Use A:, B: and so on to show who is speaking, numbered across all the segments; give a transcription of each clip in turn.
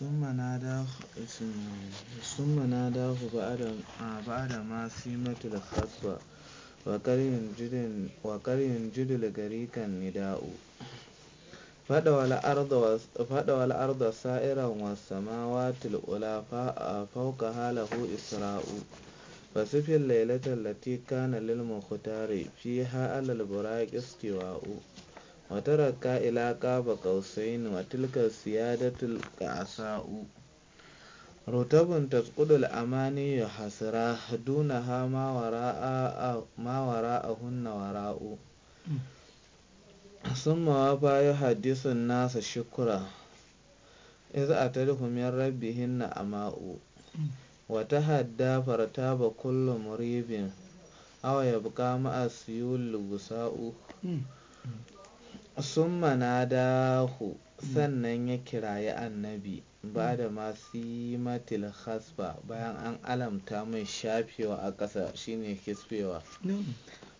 A: ثم ناداه ثم ناداه بعد بعد ما سمت الخطبة وقد ينجد وقد ينجد لغريك النداء فدوى الأرض فدوى الأرض سائرا والسماوات الأولى فوقها له إسراء فسفي الليلة التي كان للمختار فيها على البراق استواء Wata rakka ila ka ba ƙausainu a tilka siya da tilka a sa'u. Ruɗubin tasƙudil amma ni ya hasara, dunawa mawara a kunna waraɗu. Summawa bayan hadisin nasa shukura. Iza a tarhumin Rabi, hinna amau maɓu. Wata hadda, ba kullum ribin, awa ya buka ma a siyan lubusa hmm. summa dahu mm. sannan ya kirayi annabi mm. ba da masu matil hasba bayan an alamta mai shafewa a ƙasa shine kisfewa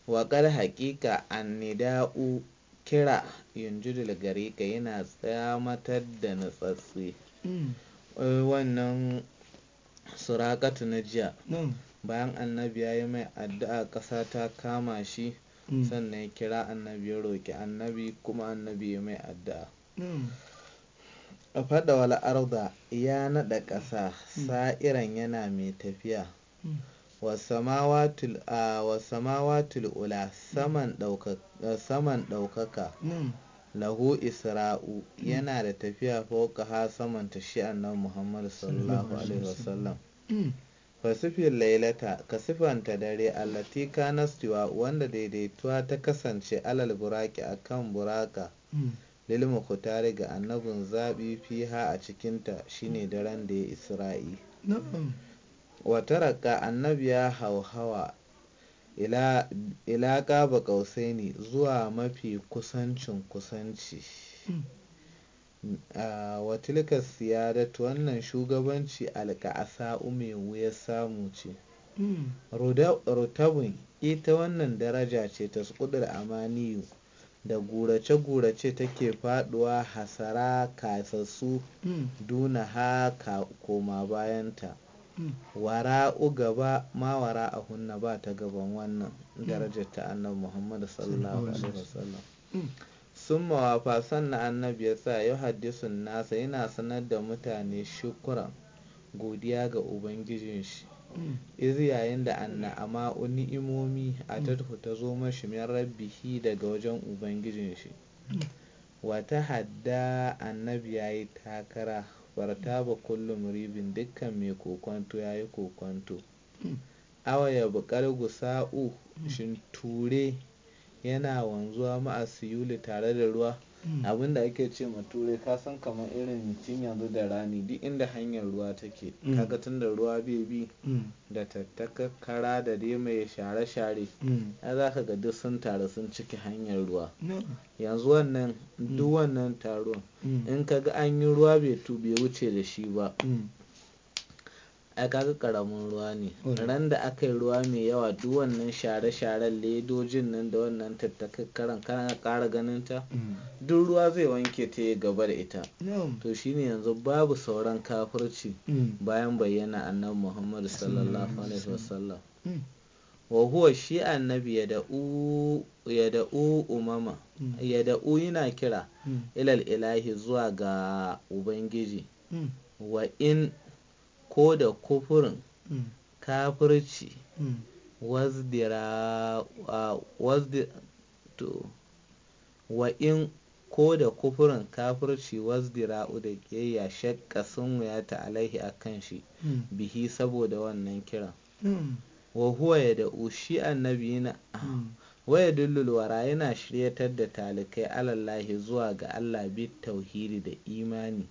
A: waƙar haƙiƙa annida'u kira yunjudul gari ka yana matar da nutsatsi mm. eh, wannan surakatu na jiya bayan annabi ya yi mai addu'a ƙasa ta kama shi Mm. sannan ya kira annabi ya roƙi annabi kuma annabi ya mai addu'a mm. a faɗa wal arda ya naɗa ƙasa mm. sa'iran yana mai tafiya wasamawatul ula saman ɗaukaka lahu isra'u yana da tafiya fauka ha saman ta shi muhammadu sallallahu alaihi wasallam Fasifin Lailata ka siffanta dare allati kanastiwa wanda daidaituwa ta kasance alal buraki akan buraka ku hmm. tare ga annabin zabi fiha a cikinta shine daren da ya isra'i wata raka annabi ya hauhawa ila ƙaba ne zuwa mafi kusancin kusanci hmm. watilka siyadat wannan shugabanci alka'asa ume wuya samu ce hmm. rutabun ita wannan daraja ce ta tsukudur amaniyu da gurace-gurace take faduwa hasara kasassu hmm. duna haka koma bayanta hmm. wara'u gaba ma wara hunna ba ta gaban wannan darajar ta annabi muhammadu sallallahu alaihi wasallam sun mawafa sannan annabi ya sa ya haddisun nasa yana sanar da mutane shukuran godiya ga ubangijin shi izi yayin da anna amma ni'imomi a tattu ta zo mashi min rabbihi daga wajen ubangijin shi wata hadda annabi ya yi takara farta ba kullum ribin dukkan mai kokonto ya yi kokonto awa ya buƙar gusa'u shin ture yana wanzuwa ma'a siyuli tare da ruwa hmm. abinda ake ce ma turai kasan san kamar irin cin yanzu da rani duk inda hanyar ruwa take hmm. kaga tun da ruwa bai bi hmm. da kara da dai mai share-share ya za ka ga duk sun taru sun ciki hanyar ruwa yanzu wannan duk wannan taron in kaga an yi ruwa bai wuce da shi ba ai kaga karamin ruwa ne mm. ran da aka yi ruwa mai yawa duk wannan share-sharen ledojin nan da wannan karan kana ƙara ganin ta mm. duk ruwa zai wanke ta ya gaba da ita to shine yanzu babu sauran kafirci mm. bayan bayyana annabi muhammadu sallallahu alaihi wasallam wa shi annabi ya da'u umama ya u yana kira ilal ilahi zuwa ga ubangiji wa in ko da kufurin mm. kafirci mm. wa in ko da kufurin kafirci wasdira'u da shakka sun wuyata alaihi a kan shi mm. bihi saboda wannan kiran wa huwa ya da ushi annabi na waya dullul yana shiryatar da talikai alallahi zuwa ga Allah bi tauhidi da imani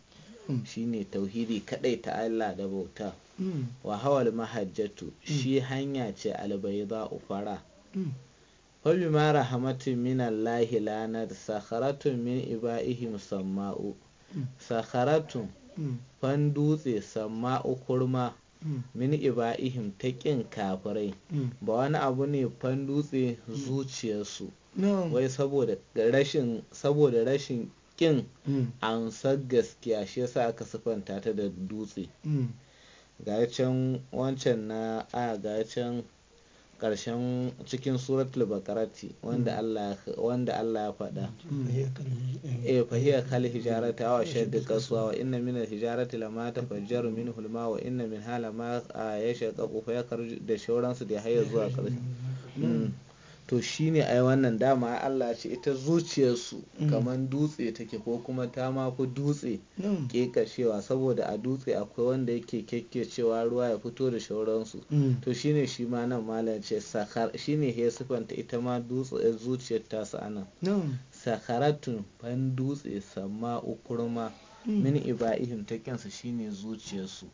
A: Mm. shine tauhidi kadai ta Allah da bauta mm. wa hawal mahajjatu mm. shi hanya ce albayda ufara فبما رحمة من الله لانت min ibaihi musamma'u سماء سخرة dutse samma'u kurma, min iba'ihim ta ƙin kafirai ba wani abu ne fan dutse zuciyarsu wai saboda rashin kin mm. san gaskiya shi yasa aka sifanta ta da dutse mm. ga can wancan na a ga can karshen cikin suratul bakarati mm. wanda Allah ya faɗa e fahiyar kal eh. eh, hijarata wa da kasuwa, wa inna min al hijarati lama tafajjaru min hulma wa inna min hala ma yashaqaqu ya karu da shauransu da ya haya zuwa karshen to shi ne ai wannan dama Allah ce ita zuciyarsu mm. kamar dutse take ko kuma ta ma fi dutse mm. kashewa? saboda a dutse akwai wanda yake kekkecewa ruwa ya fito da shauransu mm. to ne shi ma nan malam ce sakar ne ya sifanta ita ma dutse eh, zuciyar tasu anan sakaratun ban dutse sama ukurma min iba'ihim ta ne zuciyarsu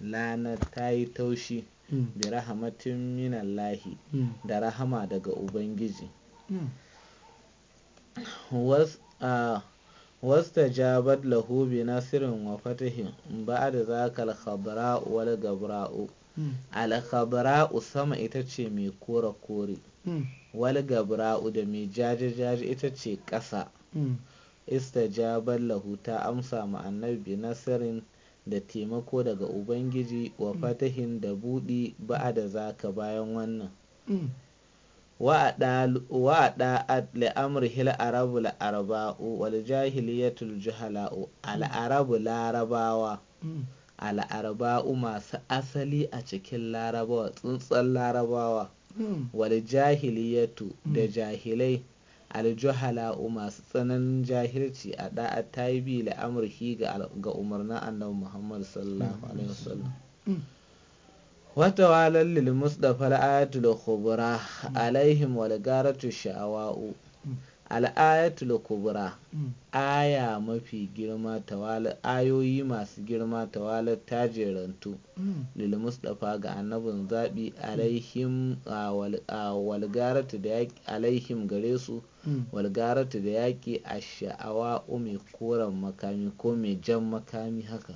A: lana ta yi taushi Mm. bi rahmatin minallahi mm. da rahama daga ubangiji mm. wasta jabat lahu bi nasirin wa fatihin ba'da zaka al-khabra'u wal gabra'u al-khabra'u sama ita ce mai kore kore wal gabra'u da mai jaje jaje ita ce ƙasa ista lahu ta amsa ma annabi nasirin da taimako daga ubangiji wa mm. fatahin da buɗi ba'a da zaka bayan wannan mm. wa'ada li'amri hil arabu al'arba'u wal jahiliyatul al'arabu mm. larabawa al'arba'u masu asali a cikin larabawa tsuntsan larabawa wal jahiliyatu da jahilai aljuhala'u masu tsananin jahilci a da'a ta yi bi la'amurki ga umarnin annabi muhammad sallallahu alaihi wasallam wata walar da fara ayatul khubra alaihim walgaratu garatu sha'awa'u al'ayatul kubra hmm. aya mafi girma tawali ayoyi masu girma tawali tajirantu hmm. lil mustafa ga annabin zaɓi alaihim walgaratu gare su hmm. walgaratu da yaki a sha'awa umi koren makami ko mai jan makami haka